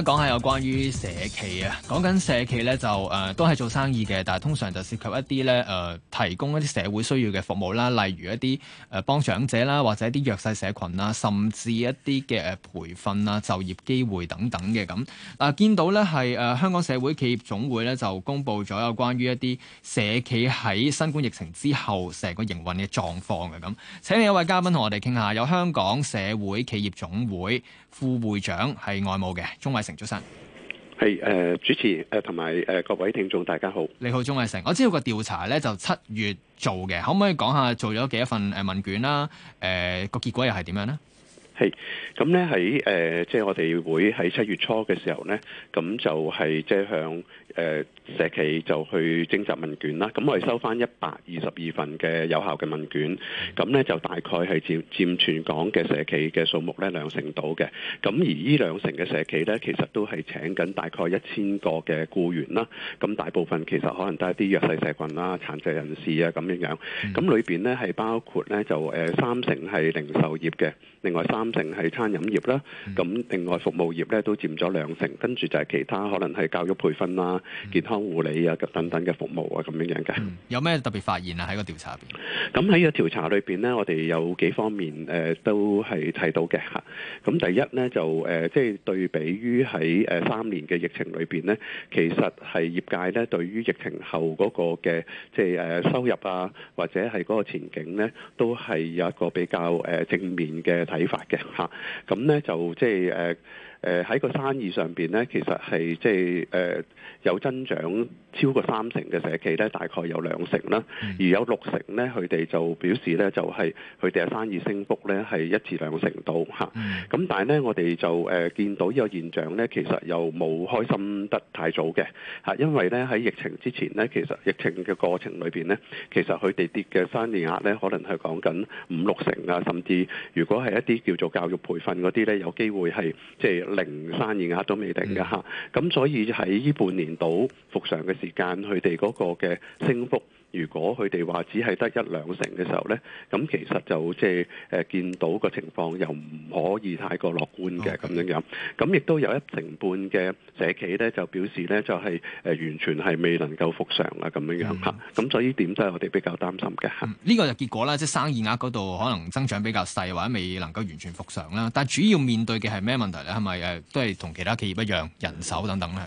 講下有關於社企啊，講緊社企咧就誒、呃、都係做生意嘅，但係通常就涉及一啲咧誒提供一啲社會需要嘅服務啦，例如一啲誒幫長者啦，或者一啲弱勢社群啦，甚至一啲嘅誒培訓啊、就業機會等等嘅咁。嗱、呃，見到咧係誒香港社會企業總會咧就公布咗有關於一啲社企喺新冠疫情之後成個營運嘅狀況嘅咁。請另一位嘉賓同我哋傾下，有香港社會企業總會副會長係外務嘅鍾偉鍾偉成早晨係誒，主持誒，同埋誒各位聽眾大家好，呃呃、家好你好，鍾偉成。我知道個調查咧就七月做嘅，可唔可以講下做咗幾多份誒問卷啦、啊？誒、呃，個結果又係點樣咧？係，咁咧喺即係我哋會喺七月初嘅時候咧，咁就係即係向石、呃、社企就去徵集問卷啦。咁我哋收翻一百二十二份嘅有效嘅問卷，咁咧就大概係佔佔全港嘅社企嘅數目咧兩成到嘅。咁而呢兩成嘅社企咧，其實都係請緊大概一千個嘅僱員啦。咁大部分其實可能都係啲弱勢社群啦、殘疾人士啊咁樣樣。咁裏面咧係包括咧就、呃、三成係零售業嘅，另外三，三成係餐飲業啦，咁、嗯、另外服務業咧都佔咗兩成，跟住就係其他可能係教育培訓啦、嗯、健康護理啊等等嘅服務啊咁樣樣嘅，嗯。有咩特別發現啊？喺個調查裡面？咁喺個調查裏邊呢，我哋有幾方面誒，呃、都係睇到嘅嚇。咁、啊、第一呢，就誒，即、呃、係、就是、對比於喺誒三年嘅疫情裏邊呢，其實係業界呢對於疫情後嗰個嘅即係誒收入啊，或者係嗰個前景呢，都係有一個比較誒、呃、正面嘅睇法。嘅嚇，咁咧就即係誒誒喺個生意上邊咧，其實係即係誒有增長超過三成嘅社企咧，大概有兩成啦，而有六成咧，佢哋就表示咧就係佢哋嘅生意升幅咧係一至兩成度嚇。咁但係咧，我哋就誒見到呢個現象咧，其實又冇開心得太早嘅嚇，因為咧喺疫情之前咧，其實疫情嘅過程裏邊咧，其實佢哋跌嘅生意額咧，可能係講緊五六成啊，甚至如果係一啲叫做做教育培訓嗰啲咧，有機會係即係零生意額都未定噶吓。咁所以喺呢半年度復常嘅時間，佢哋嗰個嘅升幅，如果佢哋話只係得一兩成嘅時候咧，咁其實就即係誒見到個情況又唔可以太過樂觀嘅咁樣樣。咁亦都有一成半嘅社企咧，就表示咧就係誒完全係未能夠復常啦咁樣樣嚇。咁、嗯、所以點都係我哋比較擔心嘅。呢、嗯，這個就結果啦，即係生意額嗰度可能增長比較細或者未能夠完全復常啦。但係主要面對嘅係咩問題咧？係咪誒都係同其他企業一樣人手等等咧？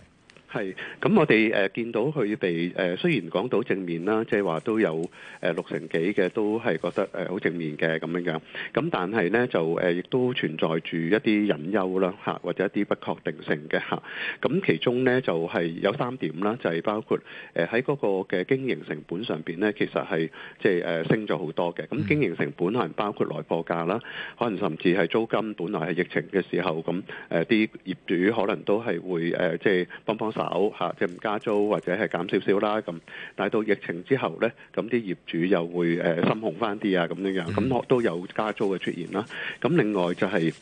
係，咁我哋見到佢哋雖然講到正面啦，即係話都有六成幾嘅，都係覺得好正面嘅咁樣樣。咁但係咧就亦都存在住一啲隱憂啦，或者一啲不確定性嘅嚇。咁其中咧就係有三點啦，就係、是、包括喺嗰個嘅經營成本上面咧，其實係即係升咗好多嘅。咁經營成本可能包括來貨價啦，可能甚至係租金，本來係疫情嘅時候咁啲業主可能都係會即係、就是、幫幫手。走吓，即係唔加租或者係減少少啦咁。但係到疫情之後咧，咁啲業主又會誒心紅翻啲啊咁樣樣，咁我都有加租嘅出現啦。咁另外就係。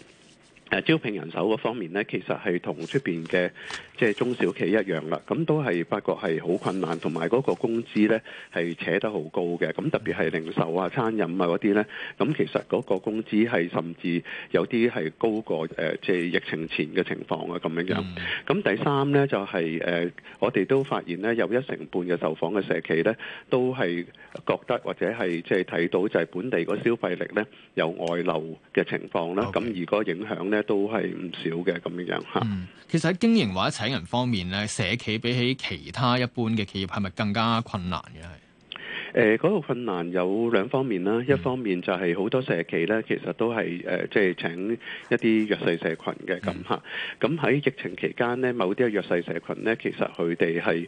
誒招聘人手嗰方面咧，其實係同出邊嘅即係中小企一樣啦。咁都係發覺係好困難，同埋嗰個工資咧係扯得好高嘅。咁特別係零售啊、餐飲啊嗰啲咧，咁其實嗰個工資係甚至有啲係高過誒即係疫情前嘅情況啊咁樣樣。咁第三咧就係誒，我哋都發現咧有一成半嘅受訪嘅社企咧，都係覺得或者係即係睇到就係本地個消費力咧有外流嘅情況啦。咁而個影響咧，都係唔少嘅咁樣樣吓。嗯，其實喺經營或者請人方面咧，社企比起其他一般嘅企業係咪更加困難嘅？誒嗰、呃嗰個困難有兩方面啦，一方面就係好多社企呢，其實都係即係請一啲弱勢社群嘅咁嚇，咁喺疫情期間呢，某啲弱勢社群呢，其實佢哋係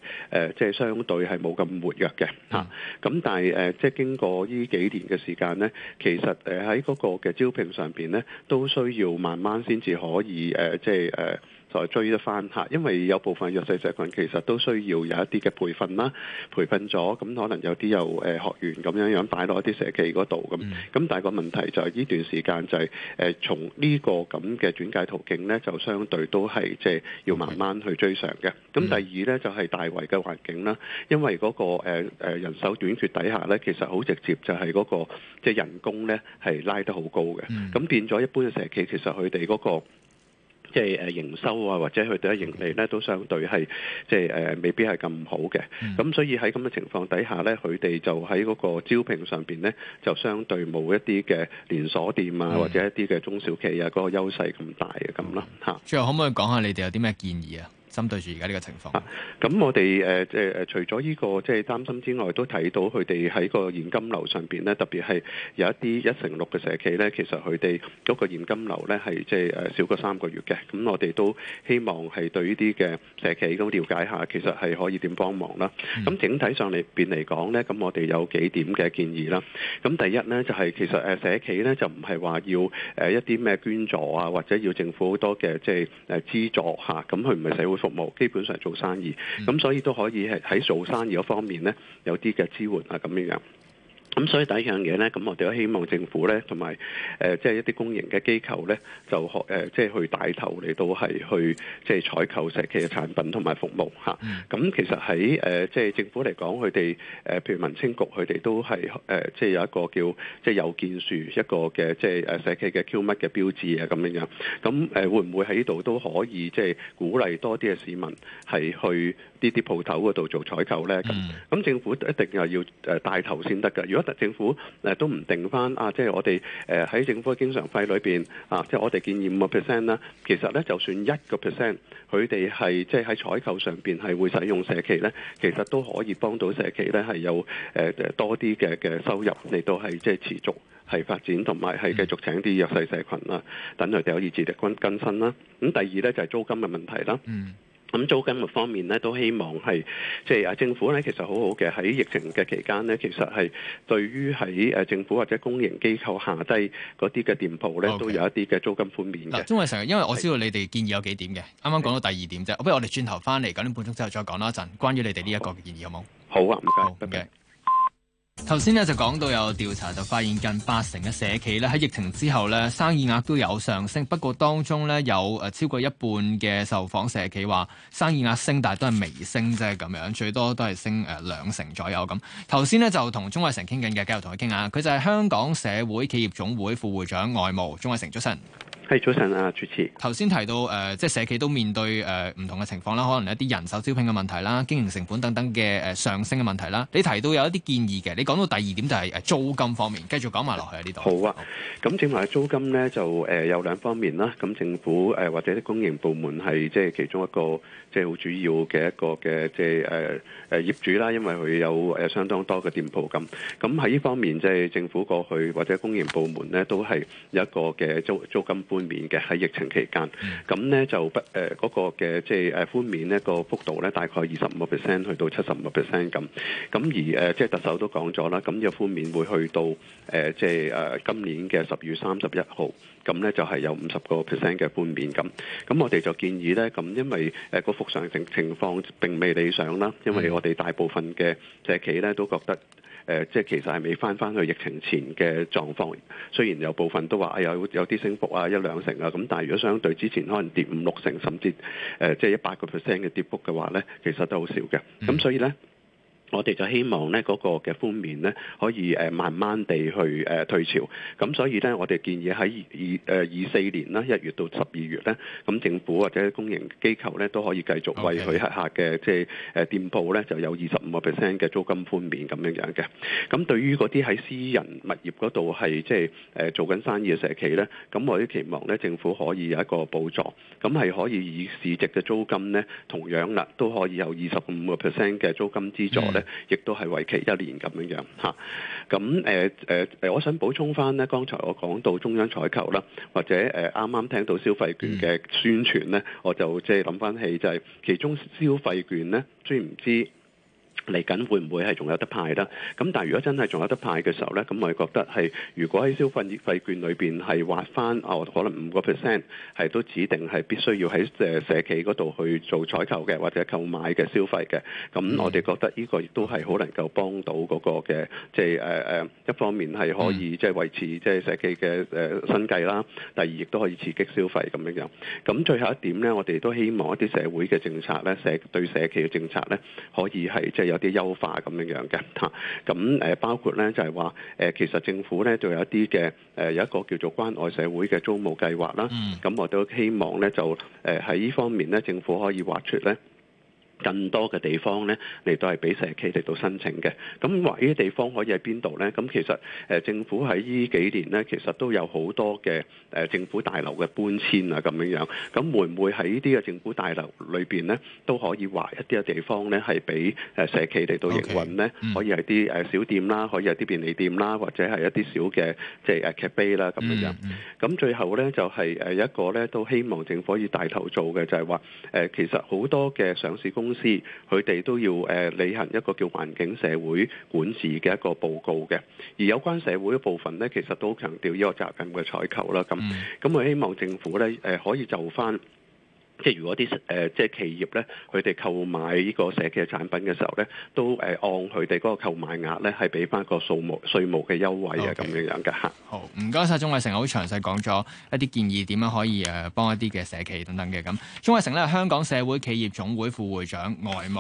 即係相對係冇咁活躍嘅嚇咁、嗯、但係即係經過呢幾年嘅時間呢，其實喺嗰個嘅招聘上邊呢，都需要慢慢先至可以即係、呃即係呃再追得翻吓，因為有部分弱勢社群其實都需要有一啲嘅培訓啦，培訓咗咁可能有啲又誒學員咁樣樣擺落一啲社企嗰度咁。咁但係個問題就係呢段時間就係誒從呢個咁嘅轉介途徑咧，就相對都係即係要慢慢去追上嘅。咁第二咧就係大圍嘅環境啦，因為嗰個誒誒人手短缺底下咧，其實好直接就係嗰個即係人工咧係拉得好高嘅。咁變咗一般嘅社企，其實佢哋嗰個。即係誒營收啊，或者佢哋嘅盈利咧，都相對係即係誒未必係咁好嘅。咁所以喺咁嘅情況底下咧，佢哋就喺嗰個招聘上邊咧，就相對冇一啲嘅連鎖店啊，或者一啲嘅中小企啊嗰個優勢咁大嘅咁咯嚇。最後可唔可以講下你哋有啲咩建議啊？針對住而家呢個情況，咁、啊、我哋、呃呢個、即除咗呢個即係擔心之外，都睇到佢哋喺個現金流上面，呢特別係有一啲一成六嘅社企呢其實佢哋嗰個現金流呢係即係誒、呃、少過三個月嘅。咁我哋都希望係對呢啲嘅社企咁了解下，其實係可以點幫忙啦。咁、嗯、整體上嚟邊嚟講呢，咁我哋有幾點嘅建議啦。咁第一呢，就係、是、其實誒社企呢就唔係話要一啲咩捐助啊，或者要政府好多嘅即係誒資助嚇。咁佢唔係社會服務基本上係做生意，咁所以都可以係喺做生意嗰方面咧，有啲嘅支援啊，咁樣樣。咁所以第一樣嘢咧，咁我哋都希望政府咧，同埋誒，即、呃、係、就是、一啲公營嘅機構咧，就學誒，即、呃、係、就是、去帶頭嚟到係去即係、就是、採購社企嘅產品同埋服務嚇。咁、啊、其實喺誒，即、呃、係、就是、政府嚟講，佢哋誒，譬、呃、如民青局，佢哋都係誒，即、呃、係、就是、有一個叫即係、就是、有建樹一個嘅即係誒社企嘅 Q 嘜嘅標誌啊咁樣樣。咁誒會唔會喺呢度都可以即係、就是、鼓勵多啲嘅市民係去呢啲鋪頭嗰度做採購呢，咁政府一定又要誒帶頭先得㗎。如果政府都唔定翻啊，即係我哋誒喺政府嘅經常費裏邊啊，即係我哋建議五個 percent 啦。其實呢，就算一個 percent，佢哋係即係喺採購上邊係會使用社企呢，其實都可以幫到社企呢，係有誒多啲嘅嘅收入嚟到係即係持續係發展，同埋係繼續請啲弱勢社群啦，等佢哋可以自力更更新啦。咁第二呢，就係租金嘅問題啦。嗯咁租金方面咧，都希望係即係啊，政府咧其實好好嘅喺疫情嘅期間咧，其實係對於喺誒政府或者公營機構下低嗰啲嘅店鋪咧，Okay. 都有一啲嘅租金豁免嘅。鍾偉成，因為我知道你哋建議有幾點嘅，啱啱講到第二點啫，是不如我哋轉頭翻嚟九點半鐘之後再講多一陣，關於你哋呢一個嘅建議好冇？好，嗎好啊，唔該，唔該。謝謝拜拜。頭先咧就講到有調查，就發現近八成嘅社企咧喺疫情之後咧生意額都有上升，不過當中咧有誒超過一半嘅受訪社企話生意額升，但係都係微升即係咁樣，最多都係升誒兩成左右咁。頭先咧就同鍾偉成傾緊嘅，繼續同佢傾下，佢就係香港社會企業總會副會長外務鍾偉成，早晨。係早晨啊，主持。頭先提到誒、呃，即係社企都面對誒唔同嘅情況啦，可能一啲人手招聘嘅問題啦，經營成本等等嘅誒、呃、上升嘅問題啦。你提到有一啲建議嘅，你講到第二點就係誒租金方面，繼續講埋落去呢度。這裏好啊，咁好、嗯、正話租金咧就誒、呃、有兩方面啦。咁政府誒、呃、或者啲公營部門係即係其中一個即係好主要嘅一個嘅即係誒誒業主啦，因為佢有誒、呃、相當多嘅店鋪咁。咁喺呢方面即係、就是、政府過去或者公營部門咧都係有一個嘅租租金寬免嘅喺疫情期間，咁呢，就不誒嗰個嘅即係誒寬免咧個幅度呢，大概二十五個 percent 去到七十五個 percent 咁，咁而誒、呃、即係特首都講咗啦，咁嘅寬免會去到誒、呃、即係誒、啊、今年嘅十月三十一號，咁呢，就係有五十個 percent 嘅寬免咁，咁我哋就建議呢，咁，因為誒個復常情情況並未理想啦，因為我哋大部分嘅社企呢都覺得。誒，即係、呃、其實係未返返去疫情前嘅狀況。雖然有部分都話啊、哎，有有啲升幅啊，一兩成啊，咁但係如果相對之前可能跌五六成，甚至誒即係一百個 percent 嘅跌幅嘅話咧，其實都好少嘅。咁所以咧。我哋就希望呢嗰、嗰個嘅寬免呢，可以、呃、慢慢地去、呃、退潮，咁所以呢，我哋建議喺二誒二四年啦，一月到十二月呢，咁政府或者公營機構呢，都可以繼續為佢客客嘅即係店鋪呢，就有二十五個 percent 嘅租金寬免。咁樣樣嘅。咁對於嗰啲喺私人物業嗰度係即係做緊生意嘅社企呢，咁我哋期望呢，政府可以有一個補助，咁係可以以市值嘅租金呢，同樣啦都可以有二十五個 percent 嘅租金資助呢。嗯亦都係為期一年咁樣樣咁，呃呃，我想補充翻咧，剛才我講到中央採購啦，或者啱啱，呃，聽到消費券嘅宣傳咧，我就即係諗翻起就係、是、其中消費券咧，雖然唔知，嚟緊會唔會係仲有得派啦？咁但係如果真係仲有得派嘅時候呢，咁我哋覺得係如果喺消費費券裏邊係劃翻哦，可能五個 percent 係都指定係必須要喺誒社企嗰度去做採購嘅或者購買嘅消費嘅，咁我哋覺得呢個亦都係好能夠幫到嗰個嘅即係誒誒一方面係可以即係維持即係社企嘅誒、uh, 生計啦，第二亦都可以刺激消費咁樣樣。咁最後一點呢，我哋都希望一啲社會嘅政策呢，社對社企嘅政策呢，可以係即係有。有啲優化咁樣樣嘅吓，咁誒包括咧就係話誒，其實政府咧就有一啲嘅誒，有一個叫做關愛社會嘅租務計劃啦，咁我都希望咧就誒喺呢方面咧政府可以挖出咧。 更多嘅地方咧嚟到係俾社企嚟到申請嘅，咁話呢啲地方可以喺邊度咧？咁其實、呃、政府喺呢幾年咧，其實都有好多嘅、呃、政府大樓嘅搬遷啊，咁樣樣，咁會唔會喺呢啲嘅政府大樓裏面咧，都可以話一啲嘅地方咧，係俾誒社企嚟到營運咧？Okay. 可以係啲小店啦，可以係啲便利店啦，或者係一啲小嘅即係誒咖啡啦咁樣樣。咁、mm hmm. 最後咧就係、是、一個咧都希望政府可以帶頭做嘅，就係、是、話、呃、其實好多嘅上市公司公司佢哋都要誒、呃、履行一個叫環境社會管治嘅一個報告嘅，而有關社會嘅部分咧，其實都強調呢個責任嘅採購啦。咁咁我希望政府咧誒、呃、可以就翻。即係如果啲誒、呃、即係企業咧，佢哋購買呢個社企嘅產品嘅時候咧，都誒按佢哋嗰個購買額咧，係俾翻個數目稅務嘅優惠啊咁 Okay. 樣樣嘅。好，唔該晒鍾偉成啊，好詳細講咗一啲建議，點樣可以誒幫一啲嘅社企等等嘅咁。鍾偉成咧香港社會企業總會副會長，外務。